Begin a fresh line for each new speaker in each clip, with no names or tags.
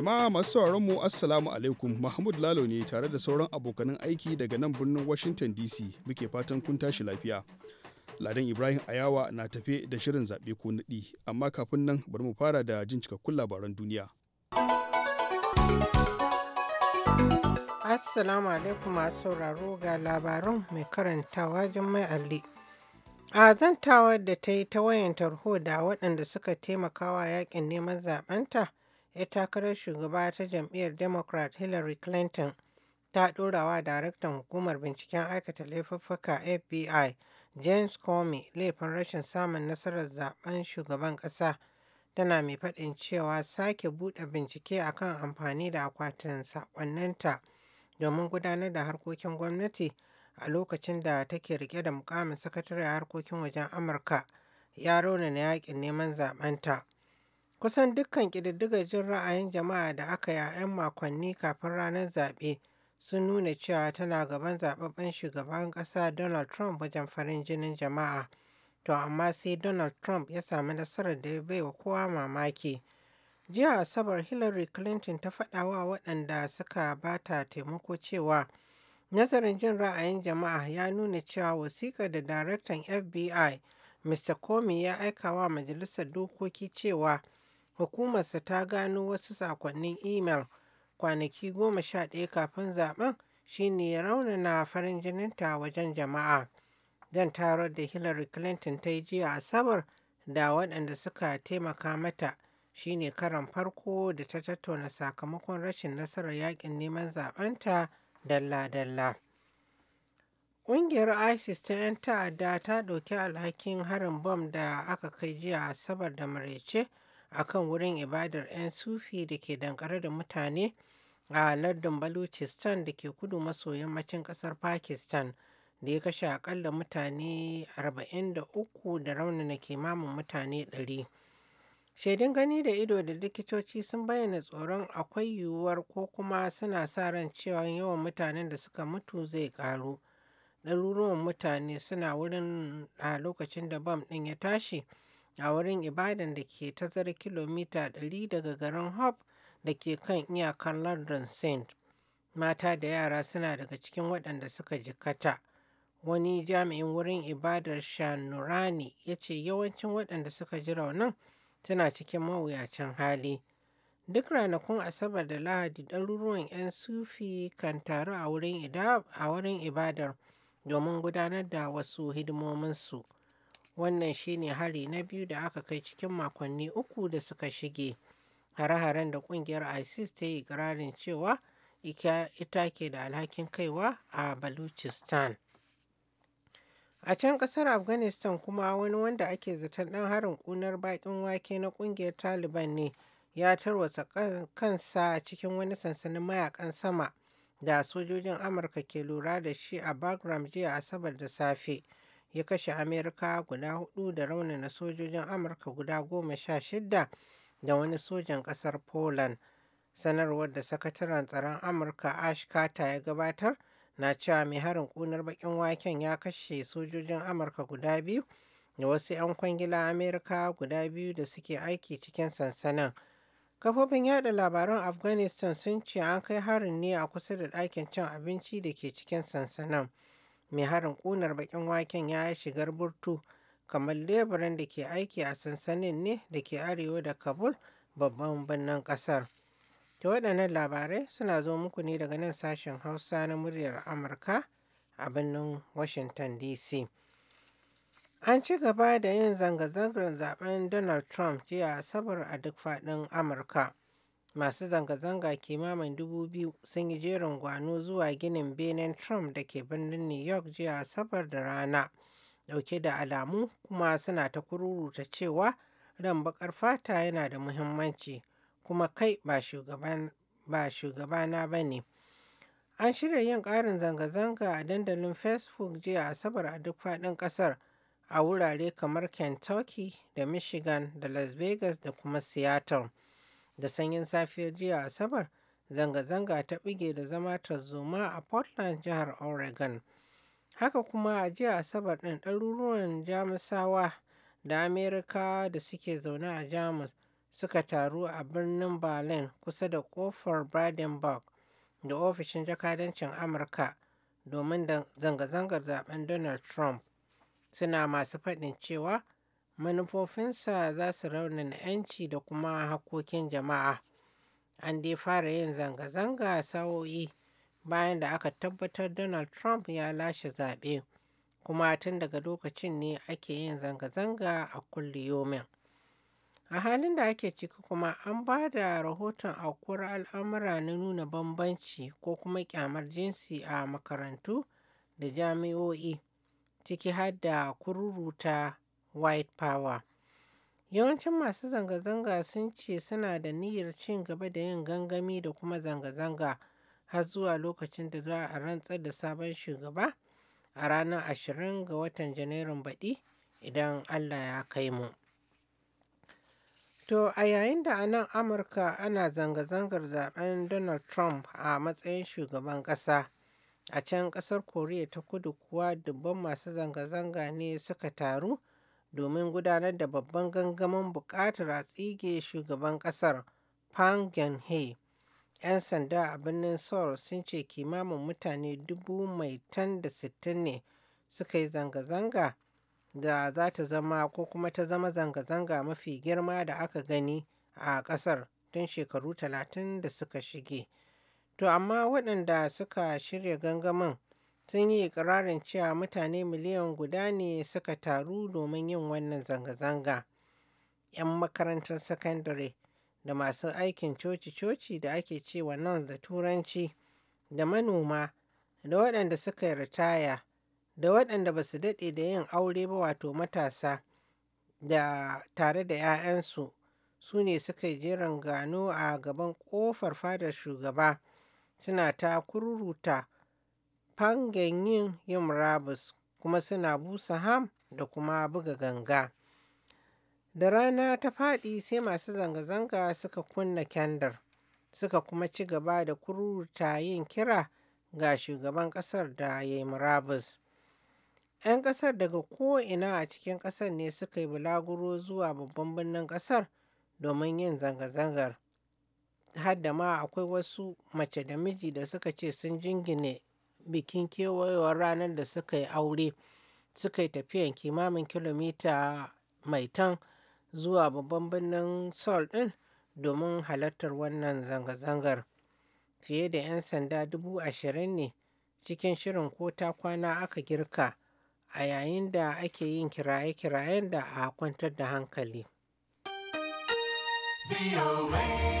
Jama'a masu sauraron mu Assalamu alaikum Mahmud Lalo ne tare da sauran abokanan aiki daga nan birnin Washington DC muke fatan kun tashi lafiya. Ladan Ibrahim Ayawa na tafe da shirin zaɓe ko naɗi amma kafin nan bari mu fara da jin cikakkun labaran duniya.
Assalamu alaikum masu sauraro ga labaran mai karantawa Jummai Ali. A zantawar da ta yi ta wayan tarho da waɗanda suka taimakawa yakin neman zaɓenta. ya takarar shugaba ta jam'iyyar democrat hillary clinton ta ɗorawa daraktan hukumar binciken aikata laifuffuka fbi james comey laifin rashin samun nasarar zaben shugaban ƙasa tana mai faɗin cewa sake buɗe bincike akan amfani da akwatin saƙonninta domin gudanar da harkokin gwamnati a lokacin da take rike da mukamin sakatare a harkokin wajen amurka ya na yakin neman zaɓenta. Kusan dukkan ƙididdigar jin ra'ayin jama'a da aka yi a 'yan makonni kafin ranar zaɓe sun nuna cewa tana gaban zaɓaɓɓen shugaban ƙasa Donald Trump wajen farin jinin jama'a. To amma sai Donald Trump ya sami nasarar da ya baiwa kowa mamaki. Jiya Asabar Hillary Clinton ta faɗawa waɗanda suka bata taimako cewa nazarin jin ra'ayin jama'a ya nuna cewa wasiƙar da daraktan FBI Mr. Comey ya aika wa majalisar dokoki cewa hukumarsa ta gano wasu sakonnin imel kwanaki goma sha ɗaya kafin zaben shine ya raunana farin jininta wajen jama'a zan tarar da hillary clinton ta yi jiya asabar da waɗanda suka taimaka mata shine karan farko da ta tattauna sakamakon rashin nasarar yakin neman ta, dalla-dalla ƙungiyar isis ta 'yan ta'adda ta ɗauki alhakin harin bom da aka kai jiya asabar da maraice akan wurin ibadar 'yan sufi da ke dankare da mutane a lardin balochistan da ke kudu maso yammacin kasar pakistan da ya kashe akalla mutane 43 da rauni raunana kimamin mutane 100 shaidun gani da ido da likitoci sun bayyana tsoron akwai yiwuwar ko kuma suna sa ran cewa yawan mutanen da suka mutu zai karu ɗaruruwan mutane suna wurin a lokacin da bam ɗin ya tashi a wurin ibadan da ke tazara kilomita 100 daga garin Hope da ke kan iyakar London, St. Mata da yara suna daga cikin waɗanda suka jikata Wani jami'in wurin ibadar shanurani ya ce yawancin waɗanda suka ji raunin suna cikin mawuyacin hali. Duk ranakun Asabar da Lahadi ɗaruruwan 'yan sufi kan taru a wurin ibadar domin gudanar da wasu hidimominsu. wannan shine hari na biyu da aka kai cikin makonni uku da suka shige hare-haren da kungiyar isis ta yi ikirarin cewa ita ke da alhakin kaiwa a baluchistan a can kasar afghanistan kuma wani wanda ake zaton dan harin kunar bakin wake na kungiyar taliban ne ya tarwatsa kansa cikin wani sansanin mayakan sama da sojojin amurka ke lura da shi a bagram jiya asabar da safe ya kashe Amerika guda hudu da na sojojin Amurka guda goma sha shidda da wani sojan ƙasar Poland. Sanarwar da sakataren tsaron Amurka Ash Carter ya gabatar na cewa mai harin ƙunar baƙin waken ya kashe sojojin Amurka guda biyu da wasu 'yan kwangila Amerika guda biyu da suke aiki cikin sansanin. Kafofin yada labaran Afghanistan sun ce an kai harin ne a kusa da ɗakin cin abinci da ke cikin sansanin. mai harin ƙunar baƙin waken ya yi shigar burtu kamar leburan da ke aiki a sansanin ne da ke arewa da kabul babban birnin ƙasar ta waɗannan labarai suna zo muku ne daga nan sashen hausa na muryar amurka a birnin washington dc an ci gaba da yin zanga-zangar zaben donald trump jiya asabar a duk faɗin amurka Masu zanga-zanga kimanin dubu biyu sun yi jerin gwano zuwa ginin benen Trump da ke birnin New York jiya Asabar da rana, dauke da alamu kuma suna ta kururuta cewa ran baƙar fata yana da muhimmanci, kuma kai ba shugabana ba ne. An shirya yin ƙarin zanga-zanga a dandalin Facebook jiya Asabar a duk faɗin ƙasar a wurare kamar Kentucky da Michigan da Las Vegas da kuma Seattle. da sanyin safiyar jiya asabar zanga-zanga ta bige da zama ta tarzoma a portland jihar oregon haka kuma a jiya asabar ɗin ɗaruruwan jamusawa da amerika da suke zaune a jamus suka taru a birnin berlin kusa da kofar brandenburg da ofishin jakadancin amurka domin zanga-zangar zaben donald trump suna masu faɗin cewa manufofinsa za su raunin 'yanci da kuma hakkokin jama'a an dai fara yin zanga-zanga sa'o'i bayan da aka tabbatar donald trump ya lashe zaɓe kuma tun daga lokacin ne ake yin zanga-zanga a kulle yomin a halin da ake ciki kuma an ba da rahoton aukuwar al'amura na nuna bambanci ko kuma kyamar jinsi a makarantu da jami'o'i ciki har da kururuta White Power. Yawancin masu zanga-zanga sun ce suna da niyyar cin gaba da yin gangami da kuma zanga-zanga har zuwa lokacin da za a rantsar da sabon shugaba a ranar 20 ga watan Janairun baɗi idan Allah ya kai mu. To a yayin da a nan Amurka ana zanga-zangar zaben Donald Trump a matsayin shugaban ƙasa, a can ƙasar Koriya ta kudu kuwa dubban masu zanga-zanga ne suka taru domin gudanar da babban gangamin buƙatar a tsige shugaban ƙasar Pang Geun-hye. 'Yan sanda a birnin Seoul sun ce kimamin mutane dubu mai tan da sittin ne suka yi zanga-zanga da za ta zama ko kuma ta zama zanga-zanga mafi girma da aka gani a ƙasar tun shekaru talatin da suka shige. To amma waɗanda suka shirya gangamin sun yi ikirarin cewa mutane miliyan guda ne suka taru domin yin wannan zanga-zanga. 'Yan makarantar sakandare da masu aikin coci-coci da ake cewa nan da turanci da manoma da waɗanda suka yi ritaya da waɗanda ba su daɗe da yin aure ba wato matasa da tare da 'ya'yansu su ne suka yi jiran gano a gaban ƙofar fadar shugaba suna ta kururuta fangen yin yin murabus kuma suna busa ham da kuma buga ganga. Da rana ta faɗi sai masu zanga-zanga suka kunna kyandar, suka kuma ci gaba da kururuta yin kira ga shugaban ƙasar da ya yi murabus. 'Yan ƙasar daga ko'ina a cikin ƙasar ne suka yi bulaguro zuwa babban birnin ƙasar domin yin zanga-zangar. Hadda ma akwai wasu mace da miji da suka ce sun jingine bikin kewayowar ranar da suka yi aure suka yi tafiyan kimamin kilomita mai tan zuwa babban birnin seoul ɗin domin halartar wannan zanga-zangar fiye da 'yan sanda dubu ashirin ne cikin shirin ko ta kwana aka girka a yayin da ake yin kiraye-kirayen da a kwantar da hankali.
VOA.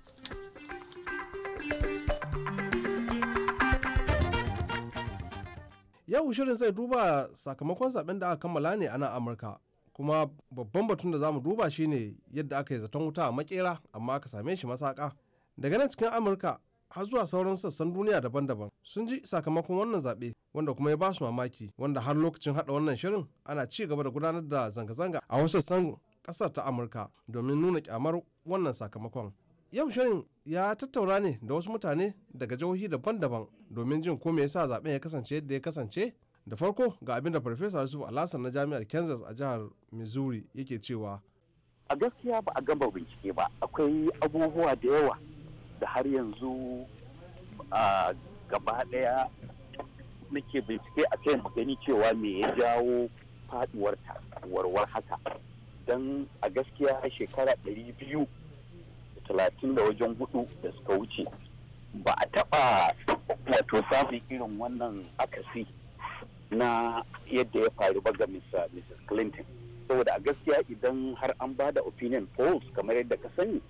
yau shirin zai duba sakamakon zaben da aka kammala ne a nan amurka kuma babban batun da zamu mu duba shine yadda aka yi zaton wuta a makera amma aka same shi masaka daga nan cikin amurka har zuwa sauran sassan duniya daban-daban sun ji sakamakon wannan zaɓe wanda kuma ya ba su mamaki wanda har lokacin haɗa wannan shirin ana ci gaba da gudanar da zanga-zanga a wasu sassan ƙasar ta amurka domin nuna kyamar wannan sakamakon yau shirin ya tattauna ne da wasu mutane daga jihohi daban-daban domin jin ko me yasa zaben ya kasance yadda ya kasance da farko ga abin da farfesa yusuf alhassan na jami'ar kansas a jihar missouri yake cewa
a gaskiya ba a gama bincike ba akwai abubuwa da yawa da har yanzu a gaba daya muke bincike a kai gani cewa me ya jawo faduwar warwar haka don a gaskiya shekara 230 da wajen hudu da suka wuce ba a taba wato samun irin wannan akasi na yadda ya faru ba ga Mrs. Uh, Clinton. Saboda a gaskiya idan har an ba da opinion polls kamar yadda ka sani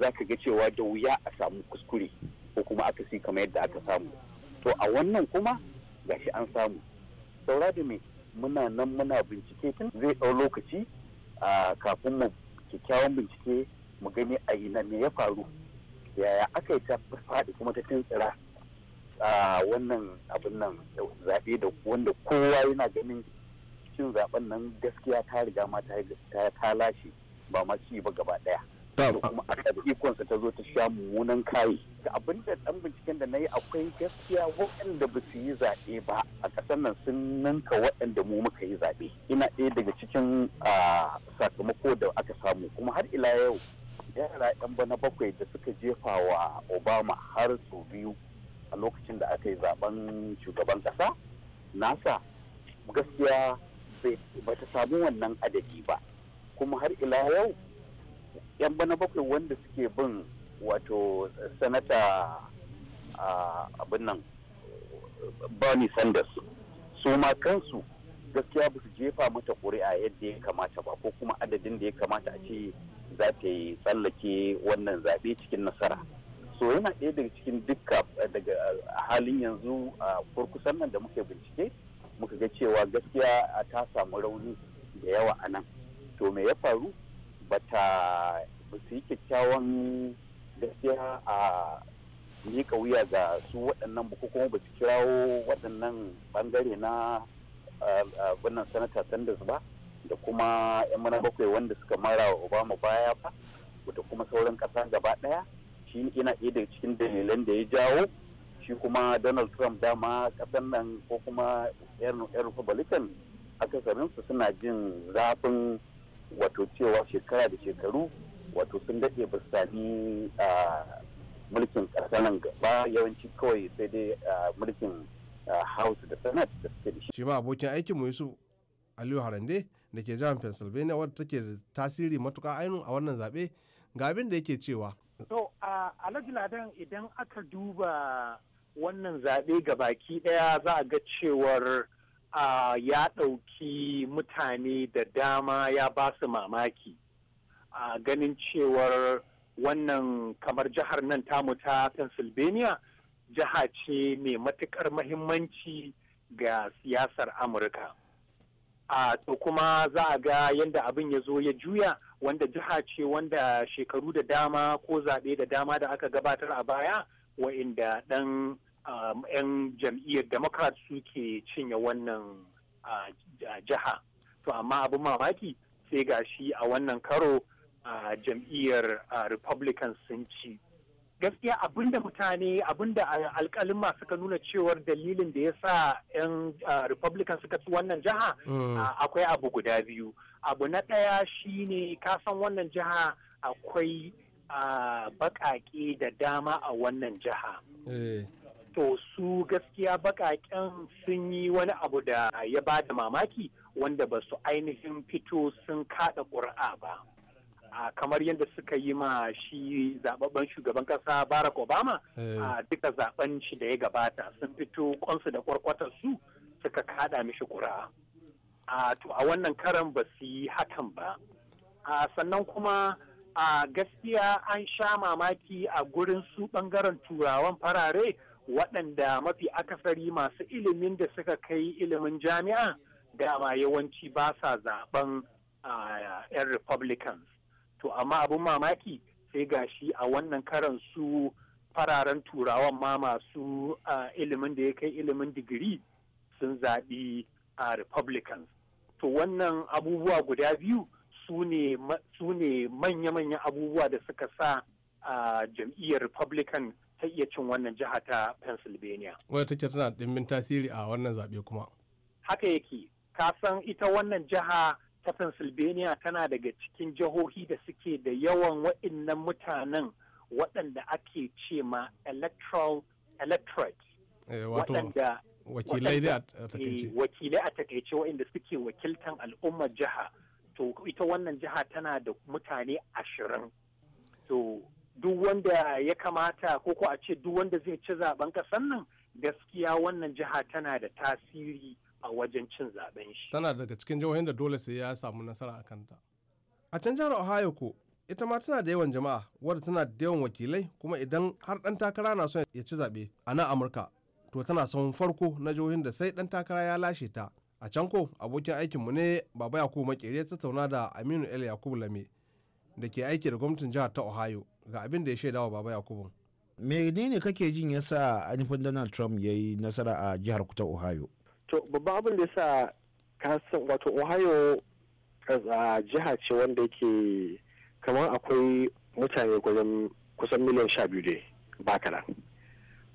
za ka ga cewa da wuya a samu kuskure ko kuma akasi kamar yadda aka samu. To a wannan kuma gashi an samu. Saura da me muna nan muna bincike tun zai ɗau lokaci kafin mu kyakkyawan bincike mu gani a yi na me ya faru yaya aka yi ta faɗi kuma ta tuntsira A wannan abin nan zaɓe da wanda kowa yana ganin cin zaɓen nan gaskiya ta riga ma ta lashe ba ma ci ba gaba ɗaya. kuma aka da ikonsa ta zo ta sha mummunan kayi da abin da dan binciken da na yi akwai gaskiya waɗanda ba su yi zaɓe ba a ƙasar nan sun ninka waɗanda mu muka yi zaɓe ina ɗaya daga cikin sakamako da aka samu kuma har ila yau yara ɗan bana bakwai da suka jefa wa obama har sau biyu a lokacin da aka yi zaben shugaban kasa nasa gaskiya ba ta samu wannan adadi ba kuma har ila yau yan bana bakwai wanda suke bin wato sanata abin nan bernie sanders su ma kansu gaskiya ba su jefa mata ƙuri'a yadda ya kamata ba ko kuma adadin da ya kamata a ce za ta yi tsallake wannan zaɓe cikin nasara so yana ɗaya daga cikin dukka eh, daga eh, halin yanzu a kurkusan nan da muke bincike muka ga cewa gaskiya ta samu rauni da yawa a nan to me ya faru ba ta su yi kyakkyawan gaskiya a miƙa wuya ga su waɗannan ba kuma ba su kirawo waɗannan ɓangare na wannan sanata sanders ba da kuma 'yan mana bakwai wanda suka mara obama baya ba da kuma sauran ƙasa gaba ɗaya shi yana ɗaya daga cikin dalilan da ya jawo shi kuma donald trump dama kasan nan ko kuma yar republican akasarinsu suna jin zafin wato cewa shekara da shekaru wato sun daɗe ba su sami mulkin ƙasar nan gaba yawanci kawai sai dai mulkin house da senate da suke da shi. shi ma
abokin mu yusuf aliyu harande da ke jihar pennsylvania wadda take da tasiri matuka ainihin a wannan zaɓe ga abin da yake cewa
so alhaji ladan idan aka duba wannan zaɓe ga baki ɗaya za a ga cewar ya ɗauki mutane da dama ya ba su mamaki. A ganin cewar wannan kamar jihar nan tamu ta Pennsylvania jiha ce mai matuƙar mahimmanci ga siyasar Amurka. To kuma za a ga yadda abin ya zo ya juya. wanda jiha ce wanda shekaru da dama ko zaɓe da dama da aka gabatar a baya wa'inda ɗan 'yan um, jam'iyyar democrat suke cinye wannan jiha to amma abin mamaki sai ga shi a wannan karo jam'iyyar republican sun ci gaskiya abinda mutane abinda alkalima suka nuna cewar dalilin da ya sa 'yan republican suka ci wannan jiha mm. akwai abu guda biyu abu na ɗaya shine kasan wannan jiha akwai baƙaƙe da dama a wannan jiha eh. to su gaskiya baƙaƙen sun yi wani abu da ya ba da mamaki wanda ba su ainihin fito sun kaɗa ƙuri'a ba a kamar yadda suka yi ma shi zababben shugaban ƙasa barack obama a eh. duka zaben shi da ya gabata sun fito kwansu da kwarkwatar su suka kaɗa mishi ƙuri'a to a wannan karan ba su yi hakan ba A sannan kuma a gaskiya an sha mamaki a gurin su bangaren turawan farare waɗanda mafi akasari masu ilimin da suka kai ilimin jami'a dama yawanci ba sa zaben 'yan republicans to amma abin mamaki sai gashi a wannan karan su fararen turawan ma masu ilimin da ya kai ilimin digiri sun zaɓi a republicans to wannan abubuwa guda biyu su ne manya-manyan abubuwa da suka sa a jam'iyyar republican ta iya cin wannan jiha ta pennsylvania
wadda take tana dimbin tasiri a wannan zaɓe kuma
haka yake san ita wannan jiha ta pennsylvania tana daga cikin jihohi da suke da yawan wa'innan mutanen waɗanda ake ce ma electoral electorate
eh, waɗanda
wakilai da a takaice eh, wakilai a takaice waɗanda suke wakiltan al'ummar jiha to ita wannan jiha tana da mutane ashirin to duk wanda ya kamata ko ko a ce duk wanda zai ci zaben kasan nan gaskiya wannan jiha tana da tasiri a wajen
cin zaben shi tana daga cikin jihohin da dole sai ya samu nasara a kanta a can jihar ohio ko ita ma tana da yawan jama'a wadda tana da yawan wakilai kuma idan har dan takara na son ya ci zaɓe a nan amurka to tana son farko na jihohin da sai dan takara ya lashe ta a can ko abokin aikinmu ne baba yakubu makere ya tattauna da aminu el yakubu lame da ke aiki da gwamnatin jihar ta ohio ga abin da ya shaidawa baba yakubu menene kake
jin yasa anifin donald trump ya yi nasara a jihar ta ohio
to babban abin da yasa san wato ohio a jiha ce wanda yake kamar akwai mutane kusan miliyan sha biyu dai ba kaɗan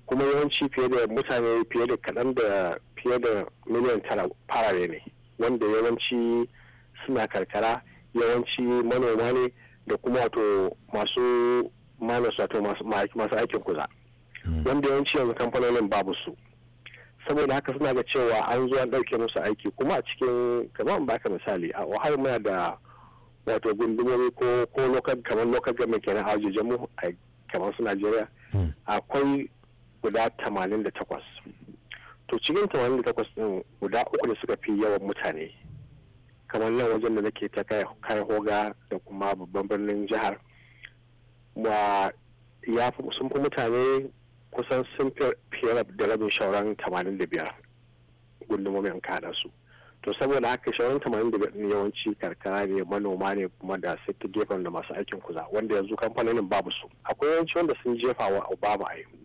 kuma yawanci fiye da mutane fiye da kaɗan da fiye da miliyan tara farare ne wanda yawanci suna karkara yawanci manoma ne da kuma wato masu manas wato masu aikin kuza hmm. wanda yawanci yanzu kamfanonin babu su saboda haka suna da cewa an zuwa ɗauke musu aiki kuma a cikin kamar baka misali a ohio muna da wato gundumomi ko ko lokal kamar lokal government kenan a mu a kamar su najeriya hmm. akwai guda 88 to cikin 88 din guda uku da suka fi yawan mutane kamar nan wajen da nake ta kai hoga da kuma babban birnin jihar wa ya sun fi mutane kusan sun fiye da rabin shauran 85 gundumomin kada su to saboda haka shauran 85 ne yawanci karkara ne manoma ne kuma da sai gefen da masu aikin kuza wanda yanzu kamfanonin babu su akwai yawanci wanda sun jefa wa Obama a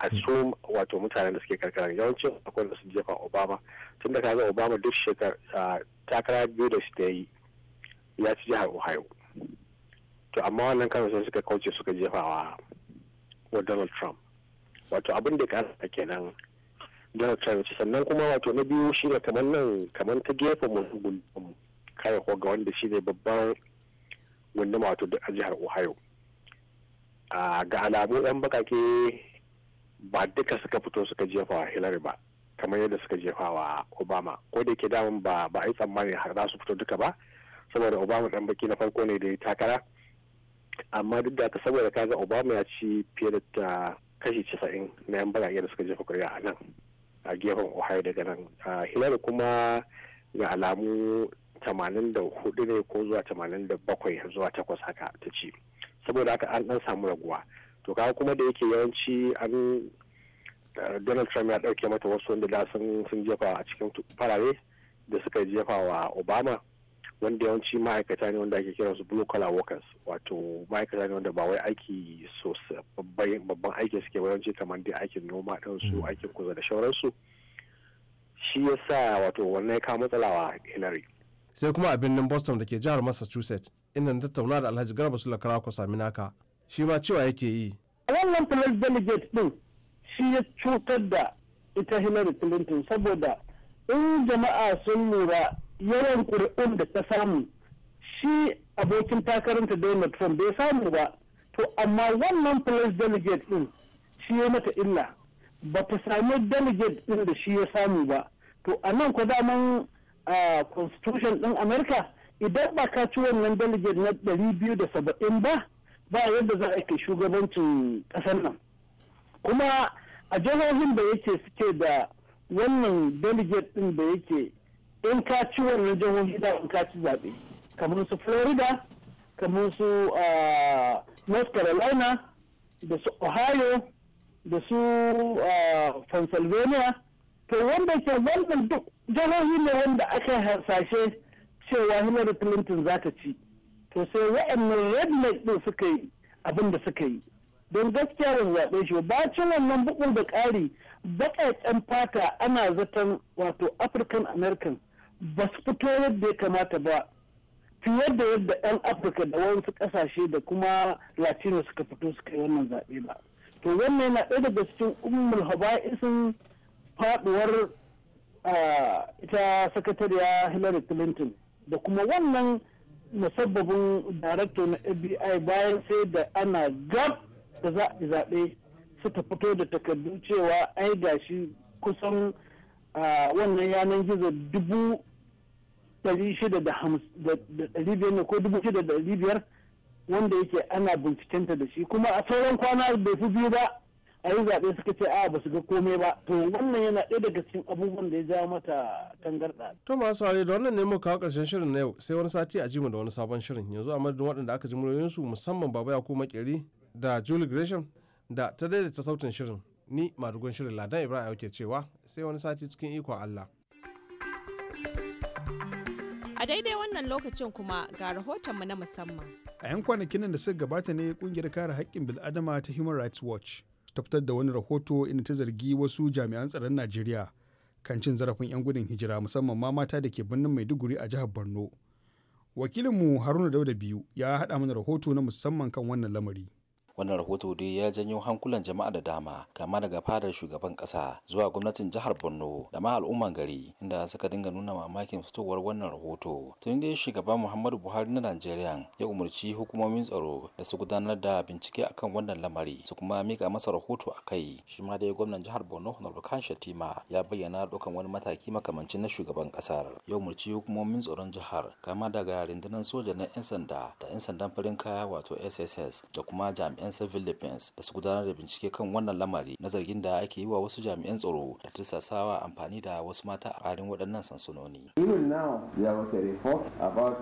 a su wato mutanen da suke karkara yawancin akwai da su jefa obama tun da kaga obama duk shekara takara biyu da su da yi ya ci jihar ohio to amma wannan kan sai suka kauce suka jefawa wa donald trump wato abin da kasa kenan donald trump sannan kuma wato na biyu shi ne kamar nan kamar ta gefen mu kare ga wanda shi ne babban gunduma wato a jihar ohio ga alamu yan bakake ba duka suka fito suka jefa wa Hillary ba kamar yadda suka jefa wa Obama ko da yake damun ba ba yi tsammani har za su fito duka ba saboda Obama dan baki na farko ne da ya takara amma duk da haka saboda kaga Obama ya ci fiye da kashi casa'in na yan baragen da suka jefa kuri'a a nan a gefen Ohio daga nan Hillary kuma ga alamu tamanin da hudu ne ko zuwa tamanin da bakwai zuwa takwas haka ta ci saboda haka an dan samu raguwa to kaga kuma da yake yawanci an eh, donald trump ya dauke mata wasu wanda da sun jefa a cikin farare da suka jefa wa obama wanda yawanci ma'aikata ne wanda ake kira su blue collar workers wato ma'aikata ne wanda ba wai aiki sosai babban aiki suke yawanci kamar dai aikin noma ɗin su hmm. aikin kuza da shauransu shi ya sa wato wannan ya kawo matsala wa hillary
sai kuma abin birnin boston da ke jihar massachusetts inda na tattauna da alhaji garba sulakara ku sami naka shi ma cewa yake yi wannan plus delegate din shi ya cutar da ita hillary clinton saboda in
jama'a sun lura yawan ƙuri'un da ta samu shi abokin takaranta donald trump bai samu ba to amma wannan plus delegate din shi ya mata illa ba ta sami delegate din da shi ya samu ba to a nan ku daman constitution din america idan ba ka ci wannan delegate na 270 ba ba yadda za a kai shugabancin ƙasar nan kuma a jihohin da yake suke da wannan delegate din da yake in ka ci wannan jihohi da in ka ci zaɓe kamar su florida kamar su north carolina da su ohio da su pennsylvania to wanda ke wannan duk jihohi ne wanda aka hasashe cewa hillary clinton za ta ci to sai waɗannan redneck ɗin suka yi abin da suka yi don gaskiya ban zaɓe shi ba cin wannan bugun da ƙari baƙaƙen fata ana zaton wato african american ba su fito yadda ya kamata ba fiye da yadda ɗan afirka da wasu ƙasashe da kuma latino suka fito suka yi wannan zaɓe ba to wannan yana ɗaya daga cikin ummul haba'isin faɗuwar ah, ita sakatariya hillary clinton da kuma wannan musabbabin darakto na fbi bayan sai da ana gab da za a zaɓe suka fito da takardun cewa ai gashi kusan wannan yanar gizo dubu ɗari shida da ɗari biyar ne ko dubu shida da ɗari biyar wanda yake ana bincikenta da shi kuma a sauran kwana bai fi biyu ba a yi zaɓe suka ce a ba su ga komai ba to wannan yana ɗaya daga cikin abubuwan da ya ja mata
tangarɗa. to masu aure da wannan ne mu kawo ƙarshen shirin na yau sai wani sati a jimu da wani sabon shirin yanzu a madadin waɗanda aka ji muryoyinsu musamman baba ya ko makeri da julie gresham da ta daidaita sautin shirin ni madugon shirin ladan ibrahim ke cewa sai wani sati cikin ikon allah.
A daidai wannan lokacin kuma ga rahotonmu na musamman.
A 'yan kwanakin da suka gabata ne kungiyar kare haƙƙin bil'adama ta Human Rights Watch ta fitar da wani rahoto inda ta zargi wasu jami'an tsaron najeriya kan cin zarafin 'yan gudun hijira musamman ma mata da ke birnin maiduguri a jihar borno wakilinmu haruna dauda biyu ya haɗa mana rahoto na musamman kan wannan lamari
wannan rahoto dai ya janyo hankulan jama'a da dama kama daga fadar shugaban kasa zuwa gwamnatin jihar borno da ma al'umman gari inda suka dinga nuna mamakin fitowar wannan rahoto tun dai shugaban muhammadu buhari na najeriya ya umarci hukumomin tsaro da su gudanar da bincike akan wannan lamari su kuma mika masa rahoto a kai shi ma dai gwamnan jihar borno honorable kan shatima ya bayyana ɗaukan wani mataki makamancin na shugaban kasar ya umarci hukumomin tsaron jihar kama daga rundunar soja na 'yan sanda da 'yan sandan farin kaya wato sss da kuma jami'an sciences philippines da su gudanar da bincike kan wannan lamari na zargin da ake yi wa wasu jami'an tsaro da tursasawa amfani da wasu mata a halin waɗannan sansanoni
even now there was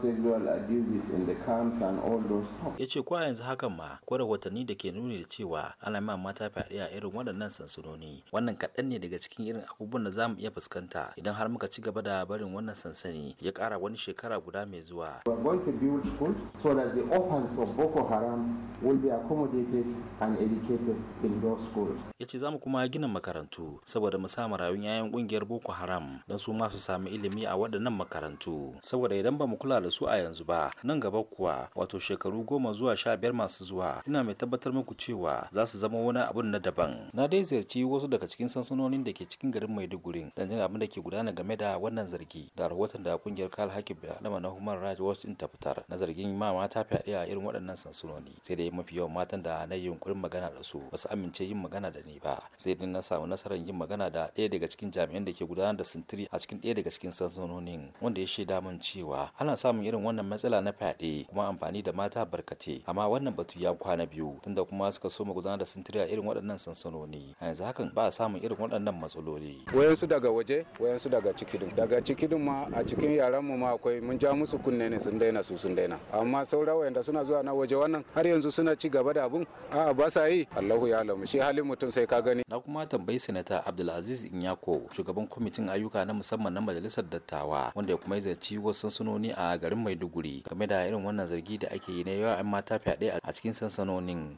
sexual abuses in the camps and
all those ya ce yanzu hakan ma ko watanni da ke nuni da cewa ana ma mata fyaɗe a irin waɗannan sansanoni wannan kaɗan ne daga cikin irin abubuwan da za mu iya fuskanta idan har muka ci gaba da barin wannan sansani ya kara wani shekara guda mai zuwa. We
are going to build schools so that the orphans of Boko Haram will be accommodated educated and educated in those schools.
Ya ce za mu kuma gina makarantu saboda mu samu rayuwar yayan kungiyar Boko Haram don su ma su sami ilimi a waɗannan makarantu. Saboda idan ba mu kula da su a yanzu ba nan gaba kuwa wato shekaru goma zuwa sha biyar masu zuwa ina mai tabbatar muku cewa za su zama wani abun na daban. Na dai ziyarci wasu daga cikin sansanonin da ke cikin garin Maiduguri don jin abin da ke gudana game da wannan zargi da rahoton da kungiyar Kal Hakib da na Human Rights Watch ta fitar na zargin ma mata fyaɗe a irin waɗannan sansanoni sai dai mafi yawan matan da da na yunkurin magana da su basu amince yin magana da ni ba sai dai na samu nasarar yin magana da ɗaya daga cikin jami'an da ke gudanar da sintiri a cikin ɗaya daga cikin sansanonin wanda ya shaida min cewa ana samun irin wannan matsala na fyaɗe kuma amfani da mata barkate amma wannan batu ya kwana biyu tunda kuma suka so gudanar da sintiri a irin waɗannan sansanoni a yanzu hakan ba a samun irin waɗannan matsaloli
wayansu daga waje wayansu daga ciki daga ciki ma a cikin yaran mu ma akwai mun ja musu kunne ne sun daina su sun daina amma saura wayanda suna zuwa na waje wannan har yanzu suna ci gaba da abin a'a ba sa yi Allahu ya alamu
shi halin mutum sai ka gani na kuma tambayi sanata Abdulaziz Inyako shugaban kwamitin ayyuka na musamman na majalisar dattawa wanda ya kuma yi zaci wasu sansanoni a garin Maiduguri game da irin wannan zargi da ake yi na yawa an mata fyaɗe a cikin sansanonin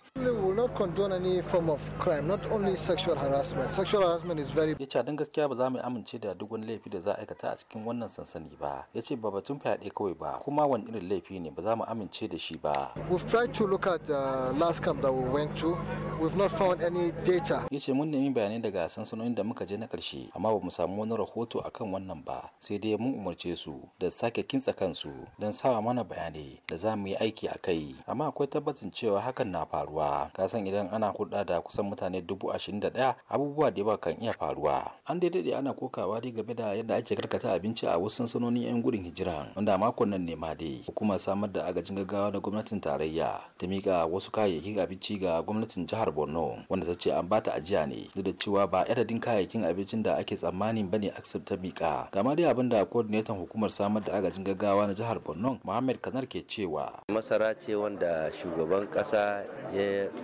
not condone any form not only sexual harassment. Sexual harassment Ya ce don gaskiya ba za mu amince da duk wani laifi da za a aikata a cikin wannan sansani ba. Ya ce ba batun fyaɗe kawai ba, kuma wani irin laifi ne ba za mu amince da shi ba.
to uh, camp that we went to, we've not found any data.
Ya ce mun nemi bayanai daga sansanonin da muka je na karshe amma ba mu samu wani rahoto akan wannan ba, sai dai mun umarce su da sake kintsa kansu don sawa mana bayanai da za mu yi aiki a kai. Amma akwai tabbacin cewa hakan na faruwa, kasan idan ana hulɗa da kusan mutane dubu ashirin da ɗaya abubuwa da yawa kan iya faruwa. An daidai ana kokawa dai game da yadda ake karkata abinci a wasu sansanonin 'yan gudun hijira, wanda makon nan ne ma dai hukumar samar da agajin gaggawa na gwamnatin tarayya ta miƙa wasu kayayyaki kayayyakin abinci ga gwamnatin jihar borno wanda ta ce an bata ajiya ne duk da cewa ba adadin kayayyakin abincin da ake tsammanin bane aksib ta miƙa kama dai abin da coordinator hukumar samar da agajin gaggawa na jihar borno muhammad kanar ke cewa
masara ce wanda shugaban ƙasa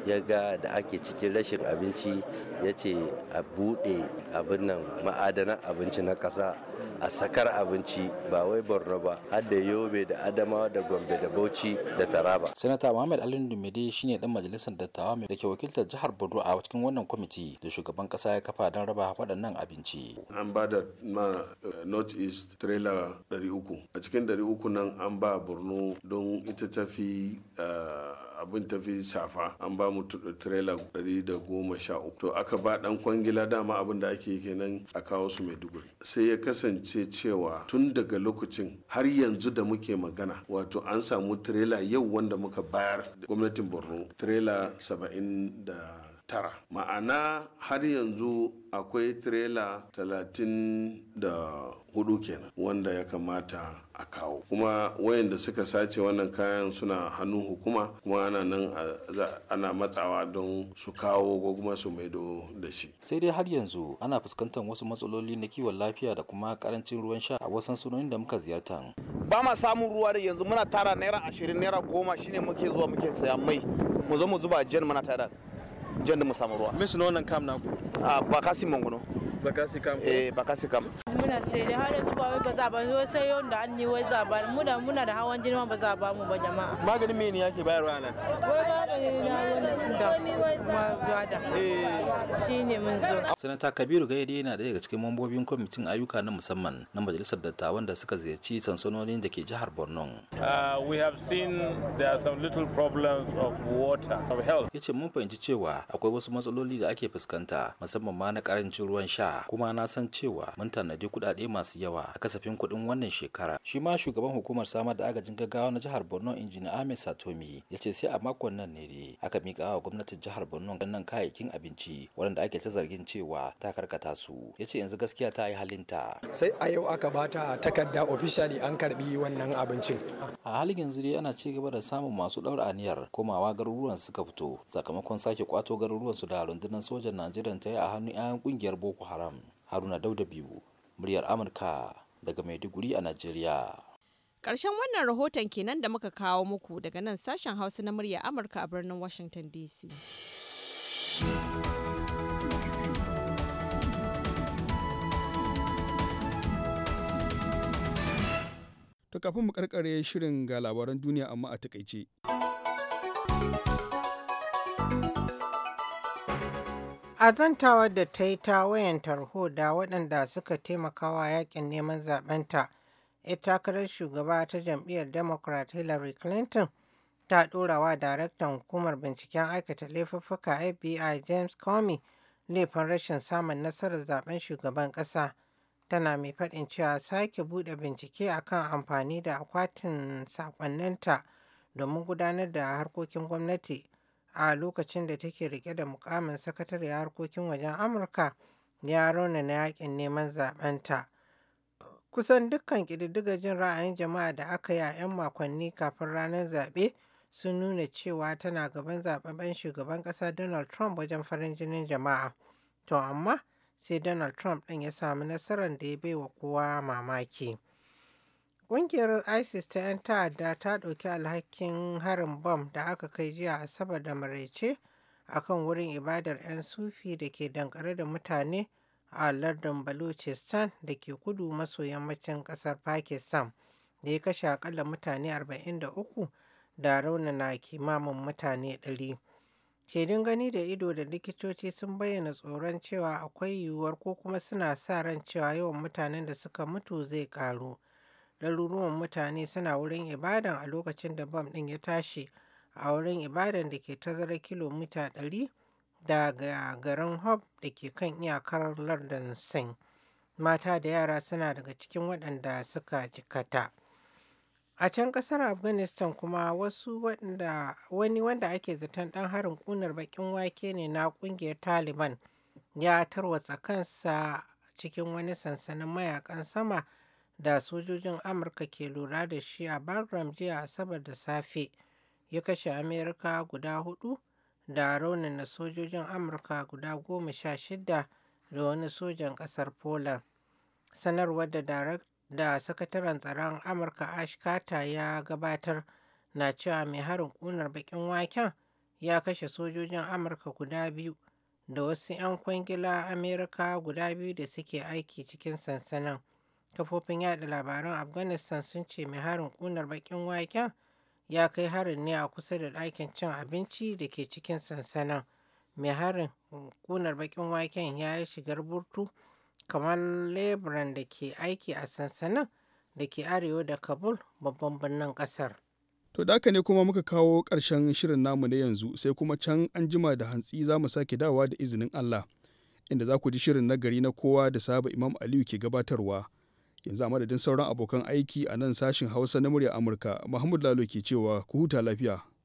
ya ga da ake cikin rashin abinci ya ce a buɗe abin nan ma'adanan abinci na kasa. a sakar abinci ba wai borno ba har yobe da adama da gombe da bauchi da taraba
sanata muhammad alin dumede shine dan majalisar dattawa mai da ke wakiltar jihar borno a cikin wannan kwamiti da shugaban kasa ya kafa don raba waɗannan abinci
an ba da ma eh, north east trailer 300 a cikin 300 nan an ba borno don ita tafi eh, abin ta fi shafa an ba mu trela ɗari da goma sha uku to aka ba ɗan kwangila dama abin da ake kenan a kawo su mai duguri. sai ya kasance cewa tun daga lokacin har yanzu da muke magana wato an samu trela yau wanda muka bayar gwamnatin borno trela saba'in da tara ma'ana har yanzu akwai tirela talatin da hudu kenan wanda ya kamata a kawo kuma wayanda suka sace wannan kayan suna hannun hukuma kuma ana nan ana matsawa don su kawo ko kuma su maido
da shi sai dai har yanzu ana fuskantar wasu matsaloli na kiwon lafiya da kuma karancin ruwan sha a wasan sunonin da muka ziyarta
ba ma samun ruwa da yanzu muna tara naira ashirin naira goma shine muke zuwa muke saya mai mu zo mu zuba jan muna tara janda mu samu ruwa
me sunan wannan kam
naku a ah, bakasi mangono bakasi kam eh bakasi kam
muna sai da har yanzu ba ba za ba sai yau da an ni wai za ba muna muna da hawan jini ba za ba mu ba jama'a maganin me ne yake bayarwa nan wai maganin na wannan sun da kuma ba da eh. shine mun zo sanata kabiru gaidi yana daya daga cikin mambobin kwamitin ayyuka na musamman na majalisar dattawan da suka ziyarci sansanonin da ke jihar borno uh, we have seen there are some little problems of water of health yace mun fahimci cewa akwai wasu matsaloli da ake fuskanta musamman ma na karancin ruwan sha kuma na san cewa mun tanadi kudade masu yawa a kasafin kuɗin wannan shekara shi ma shugaban hukumar samar da agajin gaggawa na jihar borno injiniya ahmed satomi ya ce sai a makon nan ne ne aka mika wa gwamnatin jihar borno gannan kayayyakin abinci waɗanda ake ta zargin cewa ta karkata su ya ce yanzu gaskiya ta yi halinta sai a yau aka bata takarda ofishali an karbi wannan abincin a halin yanzu dai ana ci gaba da samun masu daura aniyar komawa garuruwan suka fito sakamakon sake kwato garuruwan su da rundunar sojan najeriya ta yi a hannun 'yan kungiyar boko haram haruna dauda biyu muryar Amurka daga Maiduguri a Najeriya.
Ƙarshen wannan rahoton kenan da muka kawo muku daga nan sashen Hausa na muryar Amurka a birnin Washington DC.
To kafin mu karkare shirin ga labaran duniya amma a takaice.
A da ta yi ta wayan tarho da waɗanda suka taimakawa yakin neman zaɓenta, ita takarar shugaba ta jam'iyyar Democrat Hillary Clinton ta ɗorawa daraktan hukumar binciken aikata laifuffuka FBI James Comey laifin rashin samun nasarar zaben shugaban ƙasa. Tana mai faɗin cewa sake buɗe bincike akan amfani da akwatin sakonninta domin gudanar da harkokin gwamnati a lokacin da take rike da mukamin sakatare harkokin wajen amurka ya na yakin neman zabenta kusan dukkan ƙididdigar jin ra'ayin jama'a da aka yi a 'yan makonni kafin ranar zaɓe sun nuna cewa tana gaban zaɓaɓɓen shugaban ƙasa donald trump wajen farin jinin jama'a to amma sai donald trump ɗin ya samu nasarar da ya bai wa kowa mamaki Ƙungiyar ISIS ta 'yan ta'adda ta ɗauki alhakin harin bom da aka kai jiya a Asabar da Maraice a kan wurin ibadar 'yan Sufi da ke dankare da mutane a lardin Balochistan da ke kudu maso yammacin ƙasar Pakistan da ya kashe akalla mutane 43 da raunana kimamin mutane 100. Shaidun gani da ido da likitoci sun bayyana tsoron cewa akwai yiwuwar ko kuma suna sa ran cewa yawan mutanen da suka mutu zai ƙaru. ɗaruruwan mutane suna wurin ibadan a lokacin da bam ɗin ya tashi a wurin ibadan da ke tazarar kilomita 100 daga garin Hob da ke kan iyakar lardin Sin. Mata da yara suna daga cikin waɗanda suka jikata. A can ƙasar Afghanistan kuma wasu waɗanda wani wanda ake zaton ɗan harin ƙunar baƙin wake ne na ƙungiyar Taliban ya tarwatsa kansa cikin wani sansanin mayakan sama da sojojin amurka ke lura da shi a bagram jiya asabar da safe ya kashe amerika guda hudu da raunin na sojojin amurka guda goma sha shida da wani sojan kasar poland sanarwar da da sakataren tsaron amurka ash carter ya gabatar na cewa mai harin kunar bakin waken ya kashe sojojin amurka guda biyu da wasu 'yan kwangila amerika guda biyu da suke aiki cikin sansanin Kafofin yada labaran Afghanistan sun ce mai harin kunar bakin waken ya kai harin ne a kusa da ɗakin cin abinci da ke cikin sansanin. Mai harin kunar bakin waken ya yi shigar burtu kamar lebran da ke aiki a sansanin da ke arewa da Kabul babban birnin kasar.
To daka ne kuma muka kawo ƙarshen shirin namu na yanzu sai kuma can an jima da hantsi za mu sake dawa da izinin Allah inda za ku ji shirin nagari na kowa da saba Imam Aliyu ke gabatarwa. yanzu a madadin sauran abokan aiki a nan sashin hausa na murya amurka mahmud lalo ke cewa ku huta lafiya